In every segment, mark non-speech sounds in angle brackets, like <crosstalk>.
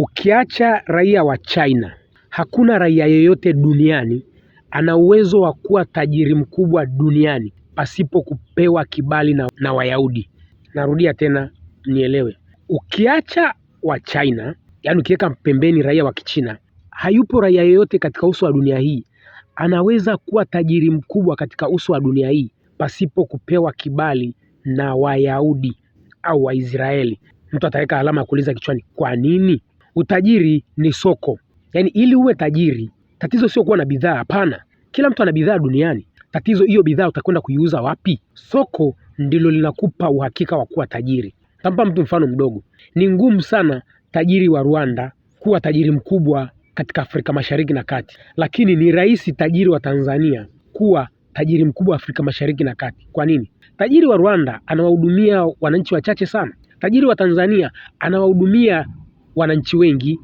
Ukiacha raia wa China, hakuna raia yoyote duniani ana uwezo wa kuwa tajiri mkubwa duniani pasipo kupewa kibali na, na Wayahudi. Narudia tena nielewe Ukiacha wa China, yaani ukiweka pembeni raia wa Kichina, hayupo raia yoyote katika uso wa dunia hii anaweza kuwa tajiri mkubwa katika uso wa dunia hii pasipo kupewa kibali na Wayahudi au Waisraeli. Mtu ataweka alama ya kuuliza kichwani, kwa nini? Utajiri ni soko, yaani ili uwe tajiri, tatizo sio kuwa na bidhaa. Hapana, kila mtu ana bidhaa duniani. Tatizo hiyo bidhaa utakwenda kuiuza wapi? Soko ndilo linakupa uhakika wa kuwa tajiri. tampa mtu mfano mdogo. Ni ngumu sana tajiri wa Rwanda kuwa tajiri mkubwa katika Afrika Mashariki na Kati, lakini ni rahisi tajiri wa Tanzania kuwa tajiri mkubwa Afrika Mashariki na Kati. Kwa nini? Tajiri wa Rwanda anawahudumia wananchi wachache sana. Tajiri wa Tanzania anawahudumia wananchi wengi,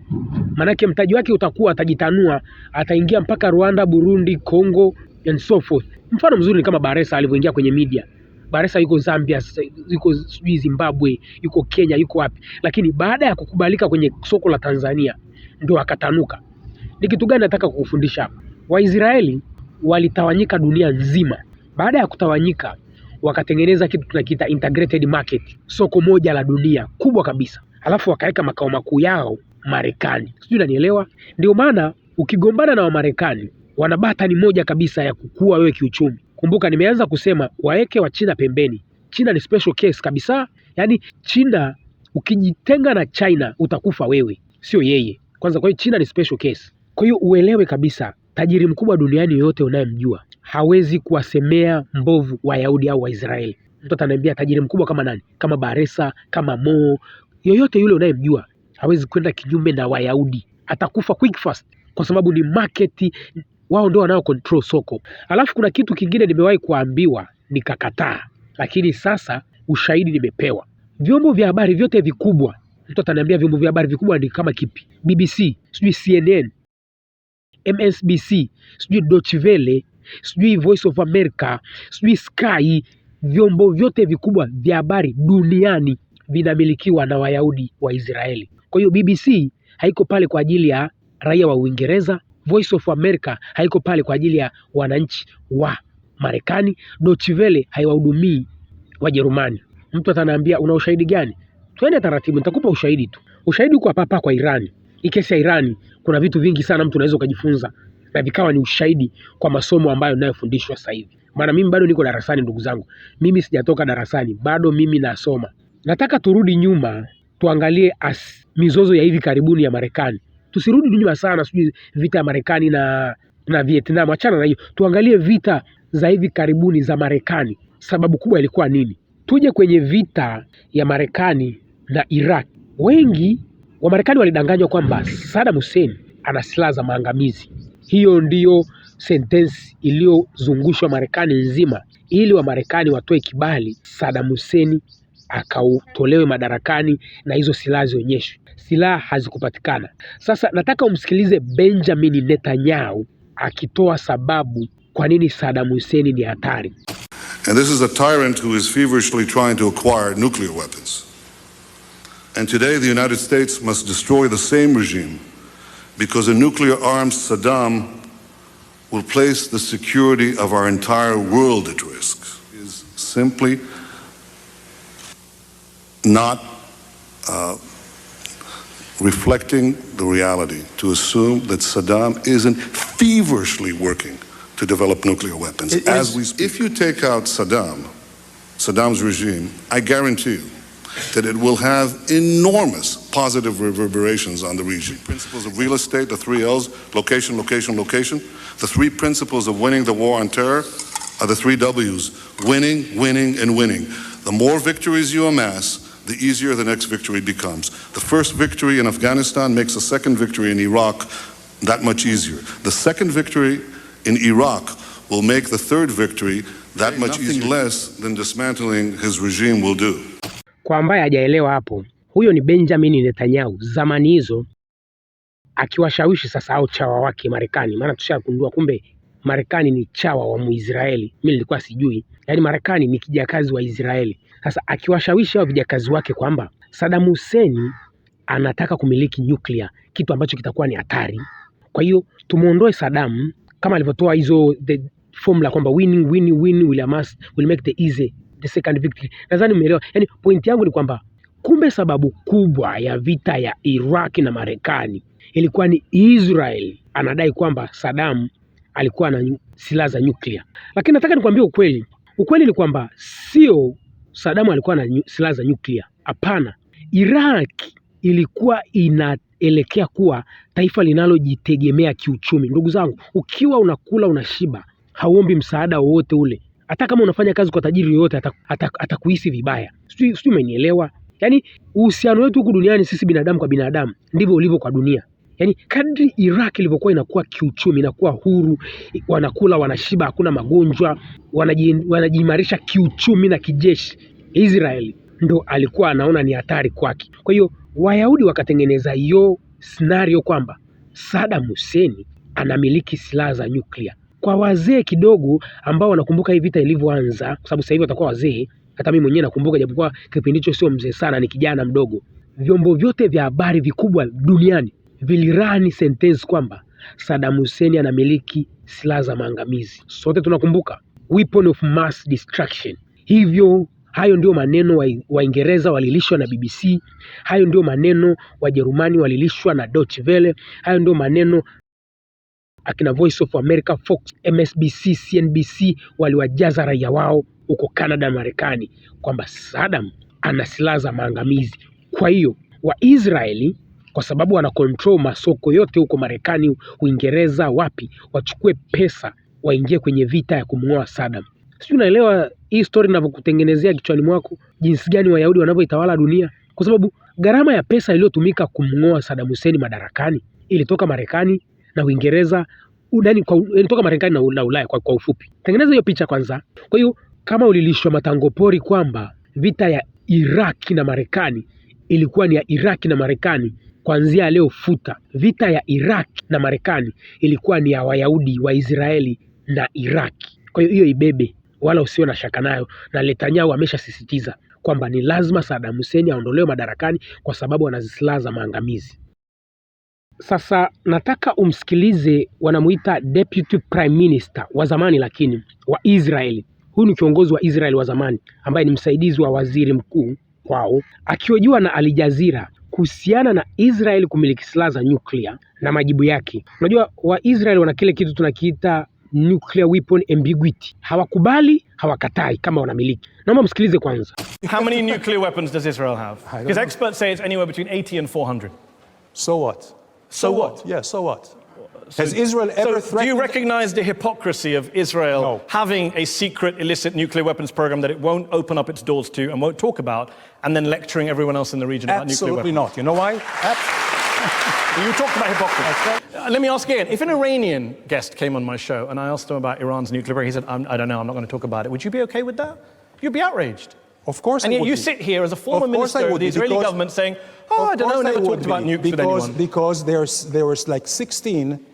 maanake mtaji wake utakuwa atajitanua, ataingia mpaka Rwanda, Burundi, Congo and so forth. Mfano mzuri ni kama Baresa alivyoingia kwenye media. Baresa yuko Zambia, yuko sijui Zimbabwe, yuko Kenya, yuko wapi, lakini baada ya kukubalika kwenye soko la Tanzania ndio akatanuka. Ni kitu gani nataka kukufundisha hapa? Waisraeli walitawanyika dunia nzima. Baada ya kutawanyika, wakatengeneza kitu tunakiita integrated market, soko moja la dunia kubwa kabisa alafu wakaweka makao makuu yao Marekani. Sijui unanielewa? Ndio maana ukigombana na Wamarekani wana batani moja kabisa ya kukua wewe kiuchumi. Kumbuka nimeanza kusema waeke wa China pembeni. China ni special case kabisa, yaani China ukijitenga na China utakufa wewe, sio yeye kwanza. Kwa hiyo China ni special case. Kwa hiyo uelewe kabisa, tajiri mkubwa duniani yoyote unayemjua hawezi kuwasemea mbovu Wayahudi au Waisraeli. Mtu ataniambia tajiri mkubwa kama nani? Kama Baresa, kama Mo, yoyote yule unayemjua hawezi kwenda kinyume na Wayahudi, atakufa quick fast kwa sababu ni market, wao ndio wanao control soko. Alafu kuna kitu kingine nimewahi kuambiwa nikakataa, lakini sasa ushahidi nimepewa. Vyombo vya habari vyote vikubwa, mtu ataniambia vyombo vya habari vikubwa ni kama kipi? BBC, sijui CNN, MSNBC, sijui Deutsche Welle, sijui Voice of America, sijui Sky, vyombo vyote vikubwa vya habari duniani vinamilikiwa na Wayahudi wa Israeli. Kwa hiyo BBC haiko pale kwa ajili ya raia wa Uingereza, Voice of America haiko pale kwa ajili ya wananchi wa Marekani, Deutsche Welle haiwahudumii Wajerumani. Mtu ataniambia una ushahidi gani? Twende taratibu, nitakupa ushahidi tu. Ushahidi uko hapa kwa Irani. Ikesi ya Irani kuna vitu vingi sana mtu unaweza ukajifunza na vikawa ni ushahidi kwa masomo ambayo ninayofundishwa sasa hivi. Maana mimi bado niko darasani, ndugu zangu, mimi sijatoka darasani, bado mimi nasoma. Nataka turudi nyuma tuangalie as, mizozo ya hivi karibuni ya Marekani. Tusirudi nyuma sana, sijui vita ya Marekani na na Vietnam, achana na hiyo, tuangalie vita za hivi karibuni za Marekani. Sababu kubwa ilikuwa nini? Tuje kwenye vita ya Marekani na Iraq. Wengi wa Marekani walidanganywa kwamba Saddam Hussein ana silaha za maangamizi. Hiyo ndiyo sentensi iliyozungushwa Marekani nzima, ili Wamarekani watoe kibali Saddam Hussein akatolewe madarakani na hizo silaha zionyeshwe. Silaha hazikupatikana. Sasa nataka umsikilize Benjamin Netanyahu akitoa sababu kwa nini Saddam Hussein ni hatari. And this is a tyrant who is feverishly trying to acquire nuclear weapons. And today the United States must destroy the same regime because a nuclear armed Saddam will place the security of our entire world at risk. Is simply not uh, reflecting the reality to assume that Saddam isn't feverishly working to develop nuclear weapons it as we speak. If you take out Saddam, Saddam's regime, I guarantee you that it will have enormous positive reverberations on the region. Principles of real estate, the three L's, location, location, location. The three principles of winning the war on terror are the three W's, winning, winning, and winning. The more victories you amass, the easier the next victory becomes. The first victory in Afghanistan makes the second victory in Iraq that much easier. The second victory in Iraq will make the third victory that much easier. less than dismantling his regime will do. Kwa ambaye hajaelewa hapo, huyo ni Benjamin Netanyahu zamani hizo akiwashawishi sasa au chawa wake Marekani, maana tushagundua kumbe Marekani ni chawa wa Muisraeli. Mimi nilikuwa sijui, yaani Marekani ni kijakazi wa Israeli. Sasa akiwashawishi hao vijakazi wake kwamba Saddam Hussein anataka kumiliki nyuklia, kitu ambacho kitakuwa ni hatari. Kwa hiyo tumuondoe Saddam, kama alivyotoa hizo the formula kwamba winning win win will amass will make the easy the second victory. Nadhani umeelewa. Yani point yangu ni kwamba kumbe sababu kubwa ya vita ya Iraq na Marekani ilikuwa ni Israel anadai kwamba Saddam alikuwa na silaha za nyuklia, lakini nataka nikwambie ukweli. Ukweli ni kwamba sio Saddam alikuwa na silaha za nyuklia? Hapana. Iraq ilikuwa inaelekea kuwa taifa linalojitegemea kiuchumi. Ndugu zangu, ukiwa unakula unashiba, hauombi msaada wowote ule, hata kama unafanya kazi kwa tajiri yoyote atakuhisi vibaya. Sijui umenielewa? Yaani uhusiano wetu huku duniani sisi binadamu kwa binadamu ndivyo ulivyo kwa dunia yani kadri Iraq ilivyokuwa inakuwa kiuchumi, inakuwa huru, wanakula, wanashiba, hakuna magonjwa, wanajiimarisha kiuchumi na kijeshi. Israel ndo alikuwa anaona ni hatari kwake. Kwa hiyo Wayahudi wakatengeneza hiyo scenario kwamba Saddam Hussein anamiliki silaha za nyuklia. Kwa wazee kidogo ambao wanakumbuka hii vita ilivyoanza, kwa sababu sasa hivi watakuwa wazee, hata mimi mwenyewe nakumbuka, japokuwa kipindi hicho sio mzee sana, ni kijana mdogo. Vyombo vyote vya habari vikubwa duniani vilirani sentensi kwamba Saddam Hussein anamiliki silaha za maangamizi. Sote tunakumbuka weapon of mass destruction. Hivyo hayo ndio maneno Waingereza walilishwa na BBC, hayo ndio maneno Wajerumani walilishwa na Deutsche Welle, hayo ndio maneno akina Voice of America, Fox, MSBC, CNBC waliwajaza raia wao huko Canada Marekani kwamba Saddam ana silaha za maangamizi. Kwa hiyo Waisraeli kwa sababu wana control masoko yote huko Marekani, Uingereza, wapi, wachukue pesa waingie kwenye vita ya kumng'oa Saddam. Sijui unaelewa hii story ninavyokutengenezea kichwani mwako, jinsi gani Wayahudi wanavyoitawala dunia, kwa sababu gharama ya pesa iliyotumika kumng'oa Saddam Hussein madarakani ilitoka Marekani na Uingereza udani kwa, ilitoka Marekani na, na Ulaya kwa, kwa ufupi. Tengeneza hiyo picha kwanza. Kwa hiyo kama ulilishwa matango pori kwamba vita ya Iraki na Marekani ilikuwa ni ya Iraki na Marekani kuanzia leo futa. Vita ya Iraq na Marekani ilikuwa ni ya Wayahudi wa Israeli na Iraq. Kwa hiyo hiyo ibebe, wala usiwe na shaka nayo, na Netanyahu ameshasisitiza kwamba ni lazima Saddam Hussein aondolewe madarakani kwa sababu ana silaha za maangamizi. Sasa nataka umsikilize, wanamuita Deputy Prime Minister wa zamani lakini wa Israeli. Huyu ni kiongozi wa Israeli wa zamani ambaye ni msaidizi wa waziri mkuu kwao, akihojiwa na Aljazira kuhusiana na Israel kumiliki silaha za nyuklia na majibu yake. Unajua Waisrael wana kile kitu tunakiita nuclear weapon ambiguity. Hawakubali, hawakatai kama wanamiliki. Naomba msikilize kwanza. How many nuclear weapons does Israel have? Because experts say it's anywhere between 80 and 400. So what? So what? Yeah, so what? So, Has Israel ever so threatened? Do you recognize the hypocrisy of Israel no. having a secret illicit nuclear weapons program that it won't open up its doors to and won't talk about, and then lecturing everyone else in the region Absolutely about nuclear weapons? Absolutely not. You know why? <laughs> you talked about hypocrisy. Uh, let me ask again. If an Iranian guest came on my show and I asked him about Iran's nuclear program, he said, I'm, "I don't know. I'm not going to talk about it." Would you be okay with that? You'd be outraged. Of course, and I yet you be. sit here as a former minister of the Israeli government saying, "Oh, I don't know, I never talked be. about nukes because, with anyone." Because there's there was like 16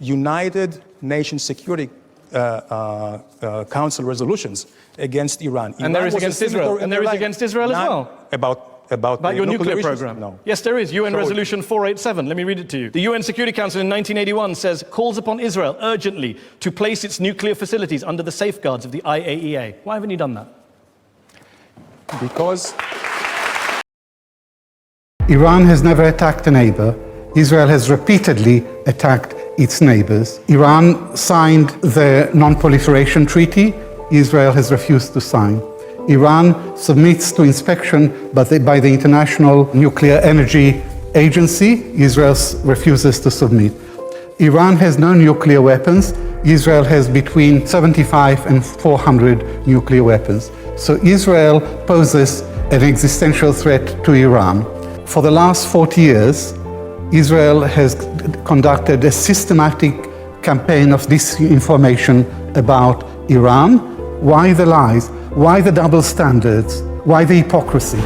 United Nations Security uh, uh, uh, Council resolutions against Iran. And Iran there is against Israel. And there is against Israel as well. About about, about your nuclear, nuclear program. No. Yes, there is. UN so Resolution 487. Let me read it to you. The UN Security Council in 1981 says calls upon Israel urgently to place its nuclear facilities under the safeguards of the IAEA. Why haven't you done that? Because Iran has never attacked a neighbor. Israel has repeatedly attacked its neighbors. Iran signed the Non Proliferation Treaty, Israel has refused to sign. Iran submits to inspection by the, by the International Nuclear Energy Agency, Israel refuses to submit. Iran has no nuclear weapons. Israel has between 75 and 400 nuclear weapons. So Israel poses an existential threat to Iran. For the last 40 years, Israel has conducted a systematic campaign of disinformation about Iran. Why the lies? Why the double standards? Why the hypocrisy?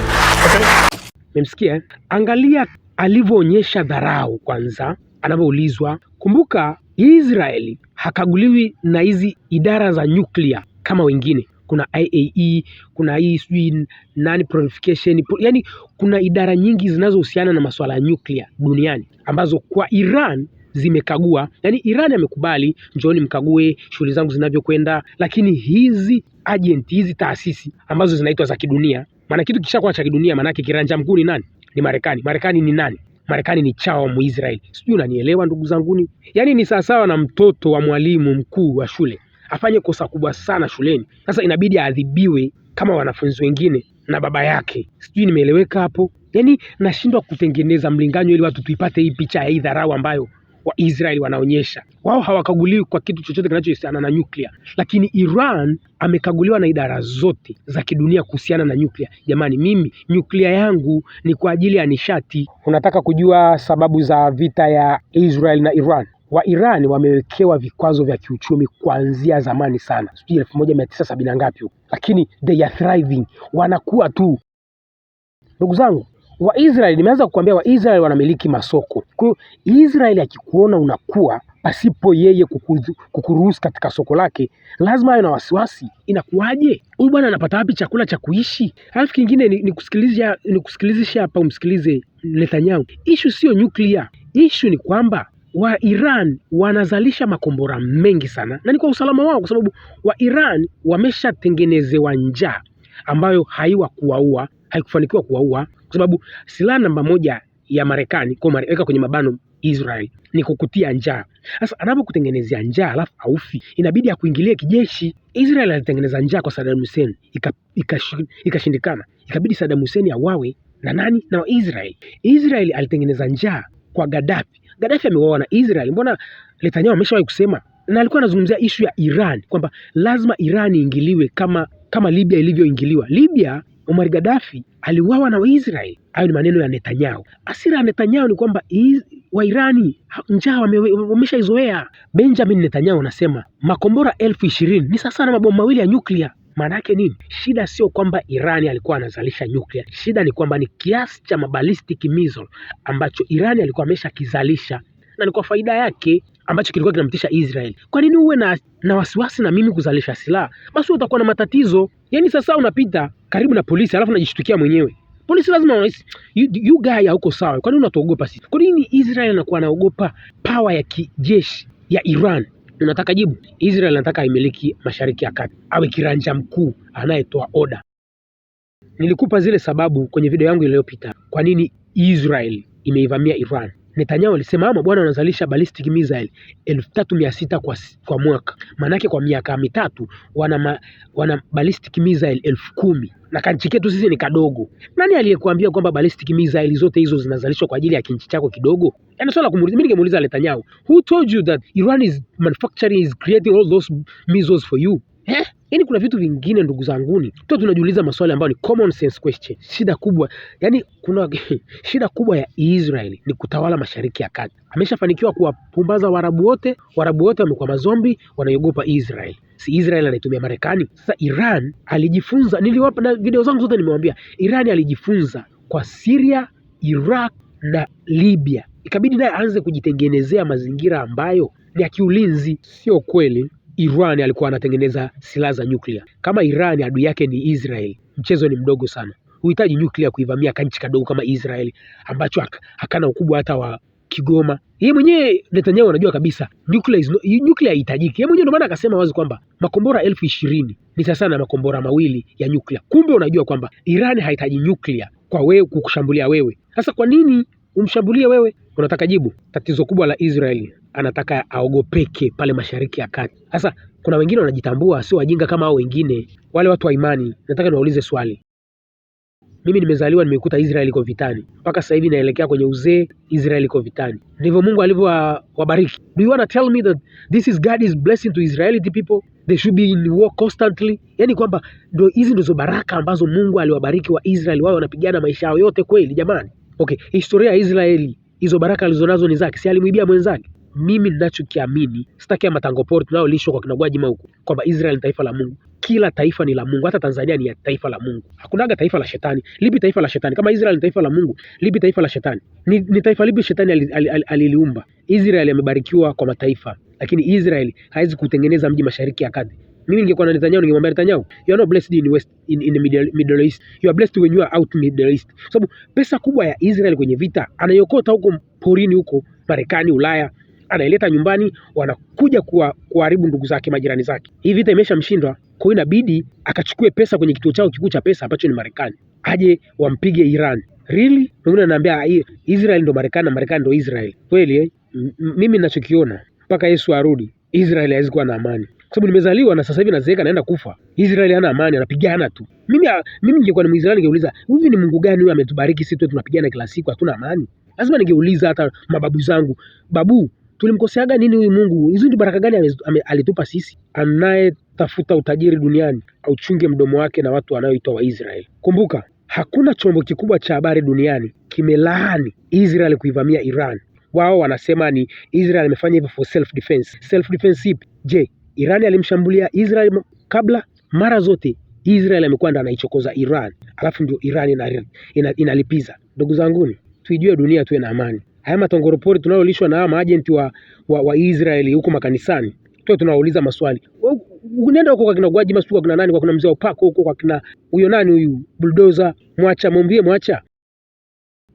Memsikia Angalia alivyoonyesha dharau kwanza anavyoulizwa. Kumbuka Israeli hakaguliwi na hizi idara za nyuklia kama wengine kuna IAE, kuna hii sijui non proliferation, yani kuna idara nyingi zinazohusiana na masuala ya nyuklia duniani ambazo kwa Iran zimekagua yani, Iran amekubali njooni mkague shughuli zangu zinavyokwenda, lakini hizi agent hizi taasisi ambazo zinaitwa za kidunia, maana kitu kishakuwa cha kidunia, maanake kiranja mkuu ni nani? Ni Marekani. Marekani ni nani? Marekani ni chawa wa Muisraeli. Sijui unanielewa ndugu zanguni? Yani ni sawasawa na mtoto wa mwalimu mkuu wa shule afanye kosa kubwa sana shuleni, sasa inabidi aadhibiwe kama wanafunzi wengine na baba yake. Sijui nimeeleweka hapo? Yaani nashindwa kutengeneza mlinganyo ili watu tuipate hii picha ya hii dharau ambayo Waisraeli wanaonyesha. Wao hawakaguliwi kwa kitu chochote kinachohusiana na nyuklia, lakini Iran amekaguliwa na idara zote za kidunia kuhusiana na nyuklia. Jamani, mimi nyuklia yangu ni kwa ajili ya nishati. Unataka kujua sababu za vita ya Israel na Iran? wa Iran wamewekewa vikwazo vya kiuchumi kuanzia zamani sana, sijui elfu moja mia tisa sabini na ngapi huko, lakini they are thriving, wanakuwa tu. Ndugu zangu wa Israel, nimeanza kukuambia wa Israel wanamiliki masoko. Kwa hiyo Israel akikuona unakuwa pasipo yeye kukuruhusu katika soko lake, lazima awe na wasiwasi, inakuwaje huyu bwana anapata wapi chakula cha kuishi? Alafu kingine ni, ni kusikilizisha hapa, umsikilize Netanyahu. Ishu sio nyuklia, ishu ni kwamba wa Iran wanazalisha makombora mengi sana, na ni kwa usalama wao, kwa sababu wa Iran wameshatengenezewa njaa ambayo haiwa kuwaua haikufanikiwa kuwaua, kwa sababu silaha namba moja ya Marekani kwa Marekani kwenye mabano Israel ni kukutia njaa. Sasa anapokutengenezea njaa alafu aufi inabidi akuingilie kijeshi. Israel alitengeneza njaa kwa Saddam Hussein ikashindikana, ika, ika ikabidi Saddam Hussein awawe na nani? Na Israel. Israel alitengeneza njaa kwa Gaddafi Gaddafi ameoa na Israel, mbona Netanyahu ameshawahi kusema na alikuwa anazungumzia ishu ya Iran kwamba lazima Iran iingiliwe kama kama Libya ilivyoingiliwa. Libya, Omar Gaddafi aliuawa na Waisraeli. Hayo ni maneno ya Netanyahu. asira ya Netanyahu ni kwamba Wairani njaa wameshaizoea. Benjamin Netanyahu anasema makombora elfu ishirini ni sasa na mabomu mawili ya nyuklia yake nini? Shida sio kwamba Irani alikuwa anazalisha nyuklia, shida ni kwamba ni kiasi cha mabalistic missile ambacho Irani alikuwa ameshakizalisha na ni kwa faida yake ambacho kilikuwa kinamtisha Israel. Kwa nini uwe na, na wasiwasi na mimi kuzalisha silaha? Basi utakuwa na matatizo. Yaani sasa unapita karibu na polisi alafu unajishtukia mwenyewe. Polisi lazima wanahisi you, you guy hauko sawa. Kwa nini unatuogopa sisi? Kwa nini Israel anakuwa anaogopa power ya kijeshi ya Iran? Unataka jibu? Israel anataka aimiliki Mashariki ya Kati, awe kiranja mkuu anayetoa oda. Nilikupa zile sababu kwenye video yangu iliyopita, kwa nini Israel imeivamia Iran. Netanyahu alisema ama bwana wanazalisha ballistic missile elfu tatu mia sita kwa, kwa mwaka. Maanake kwa miaka mitatu wana, ma, wana ballistic missile elfu kumi na kanchi ketu sisi ni kadogo. Nani aliyekuambia kwamba ballistic missile zote hizo zinazalishwa kwa ajili ya kinchi chako kidogo? Yaani swala kumuuliza, mimi ningemuuliza Netanyahu, who told you that Iran is manufacturing is creating all those missiles for you? Eh? Yaani kuna vitu vingine ndugu zanguni, tuo tunajiuliza maswali ambayo ni common sense question. Shida kubwa yani, kuna <laughs> shida kubwa ya israel ni kutawala mashariki ya kati. Ameshafanikiwa kuwapumbaza Waarabu wote, Waarabu wote wamekuwa mazombi, wanaiogopa Israel. Si Israel anaitumia Marekani. Sasa Iran alijifunza, niliwapa na video zangu zote nimewaambia, Iran alijifunza kwa Syria, Iraq na Libya, ikabidi naye aanze kujitengenezea mazingira ambayo ni ya kiulinzi. Sio kweli Iran alikuwa anatengeneza silaha za nyuklia. Kama Iran adui yake ni Israel, mchezo ni mdogo sana. Huhitaji nyuklia kuivamia kanchi kadogo kama Israel ambacho hakana ukubwa hata wa Kigoma. Yeye mwenyewe Netanyahu anajua kabisa nuclear is no, nuclear haihitajiki. Yeye mwenyewe ndio maana akasema wazi kwamba makombora elfu ishirini ni sasa na makombora mawili ya nyuklia. Kumbe unajua kwamba Iran hahitaji nyuklia kwa wewe kukushambulia wewe. Sasa kwa nini umshambulie wewe? Unataka jibu? Tatizo kubwa la Israeli anataka aogopeke pale Mashariki ya Kati. Sasa kuna wengine wanajitambua sio wajinga kama hao wengine, wale watu wa imani. Nataka niwaulize swali. Mimi nimezaliwa nimekuta Israeli iko vitani, mpaka sasa hivi naelekea kwenye uzee, Israeli iko vitani. Ndivyo Mungu alivyowabariki. Do you wanna tell me that this is God is blessing to Israelite people they should be in war constantly? Yani kwamba ndio hizi ndizo baraka ambazo Mungu aliwabariki wa Israeli, wao wanapigana maisha yao yote? Kweli jamani? Okay, historia ya Israeli hizo baraka alizonazo ni zake, si alimwibia mwenzake? Mimi ninachokiamini sitaki ya matango pori tunayolishwa kwa kinagwaji mauku, kwamba Israel ni taifa la Mungu. Kila taifa ni la Mungu, hata Tanzania ni ya taifa la Mungu. Hakunaga taifa la shetani. Lipi taifa la shetani? Kama Israel ni taifa la Mungu, lipi taifa la shetani? Ni, ni taifa lipi shetani aliliumba? ali, ali, ali Israel amebarikiwa kwa mataifa, lakini Israel hawezi kutengeneza mji mashariki ya kati. Mimi ningekuwa na Netanyahu ningemwambia Netanyahu, you are not blessed in West in, in the Middle, Middle East. You are blessed when you are out Middle East. Kwa sababu pesa kubwa ya Israel kwenye vita anayokota huko porini huko Marekani, Ulaya, anaileta nyumbani, wanakuja kuharibu ndugu zake, majirani zake. Hii vita imeshamshindwa, kwa hiyo inabidi akachukue pesa kwenye kituo chao kikuu cha pesa ambacho ni Marekani, aje wampige Iran. Really? Mwingine ananiambia Israel ndo Marekani na Marekani ndo Israel. Kweli eh? Mimi ninachokiona mpaka Yesu arudi Israel haiwezi kuwa na amani kwa sababu nimezaliwa na sasa hivi nazeeka naenda kufa. Israeli hana amani, anapigana tu. Mimi ah, mimi ningekuwa ni Mwisraeli ningeuliza, hivi ni Mungu gani huyu ametubariki sisi tu tunapigana kila siku hatuna amani? Lazima ningeuliza hata mababu zangu, babu, tulimkoseaga nini huyu Mungu? Hizo ndio baraka gani alitupa sisi? Anayetafuta utajiri duniani auchunge mdomo wake na watu wanaoitwa Waisraeli. Kumbuka, hakuna chombo kikubwa cha habari duniani kimelaani Israel kuivamia Iran. Wao wanasema ni Israel imefanya hivyo for self defense. Self defense ipi? Je, Iran alimshambulia Israel kabla mara zote Israel amekuwa ndo anaichokoza Iran, alafu ndio Iran ina, ina, inalipiza. Ndugu zanguni, tuijue dunia, tuwe na amani. Haya matongoropori tunalolishwa na hawa maajenti wa, wa, wa Israeli huko makanisani, tuwe tunawauliza maswali. Unaenda huko kwa kina Gwaji Masuku, kwa kina nani, kwa kina mzee Upako huko, kwa kina huyo nani huyu Bulldozer Mwacha, mwambie Mwacha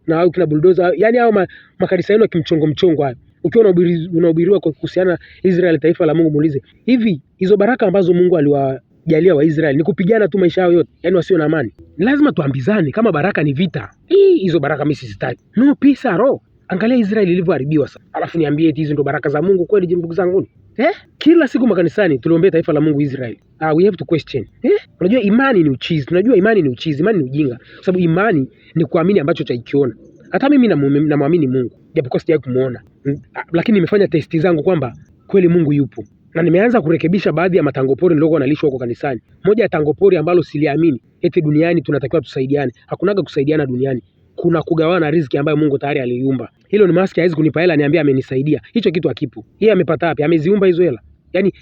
na au kina Bulldozer, yani hao makanisa yenu kimchongo mchongo hayo ukiwa unahubiriwa kwa kuhusiana Israeli taifa la Mungu, muulize hivi, hizo baraka ambazo Mungu aliwa jalia wa Israeli ni kupigana tu maisha yao yote, yani wasio na amani? lazima tuambizane kama baraka ni vita. Hii hizo baraka mimi sizitaki, no peace aro. Angalia Israeli ilivyoharibiwa sasa, alafu niambie eti hizo ndo baraka za Mungu kweli? Je, ndugu zangu eh? Kila siku makanisani tuliombea taifa la Mungu Israeli. Ah, we have to question eh? Unajua imani ni uchizi, Unajua imani ni uchizi, imani ni ujinga, kwa sababu imani ni kuamini ambacho chaikiona. Hata mimi namwamini Mungu japokuwa sijawahi kumwona. Mm. Ah, lakini nimefanya testi zangu kwamba kweli Mungu yupo na nimeanza kurekebisha baadhi ya matangopori niliokuwa nalishwa huko kanisani. Moja ya tangopori ambalo siliamini eti duniani tunatakiwa tusaidiane, hakunaga kusaidiana duniani, kuna kugawana riziki ambayo Mungu tayari aliiumba. ni maski, hawezi kunipa hela niambia amenisaidia, hicho kitu hakipo. Yeye amepata wapi? Ameziumba hizo hela? Yani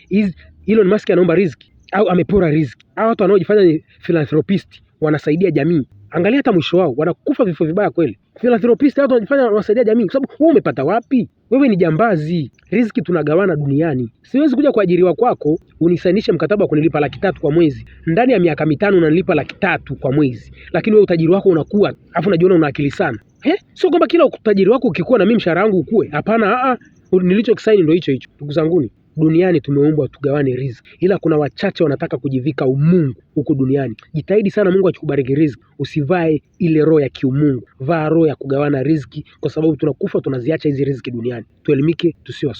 hilo ni maski, anaomba riziki au amepora riziki? Hao watu wanaojifanya ni philanthropist wanasaidia jamii, angalia hata mwisho wao, wanakufa vifo vibaya kweli. Filantropista watu wanajifanya wanasaidia jamii, kwa sababu wewe umepata wapi? Wewe ni jambazi, riziki tunagawana duniani. Siwezi kuja kuajiriwa kwako unisainishe mkataba wa kunilipa laki tatu kwa mwezi, ndani ya miaka mitano unanilipa laki tatu kwa mwezi, lakini wewe utajiri wako unakuwa, afu unajiona una akili sana. Sio kwamba kila utajiri wako ukikuwa na mimi mshahara wangu ukue. Hapana, nilichokisaini ndio hicho hicho. Ndugu zanguni duniani tumeumbwa tugawane riziki, ila kuna wachache wanataka kujivika umungu huku duniani. Jitahidi sana, Mungu akikubariki riziki usivae ile roho ya kiumungu, vaa roho ya kugawana riziki, kwa sababu tunakufa tunaziacha hizi riziki duniani. Tuelimike, tusiwe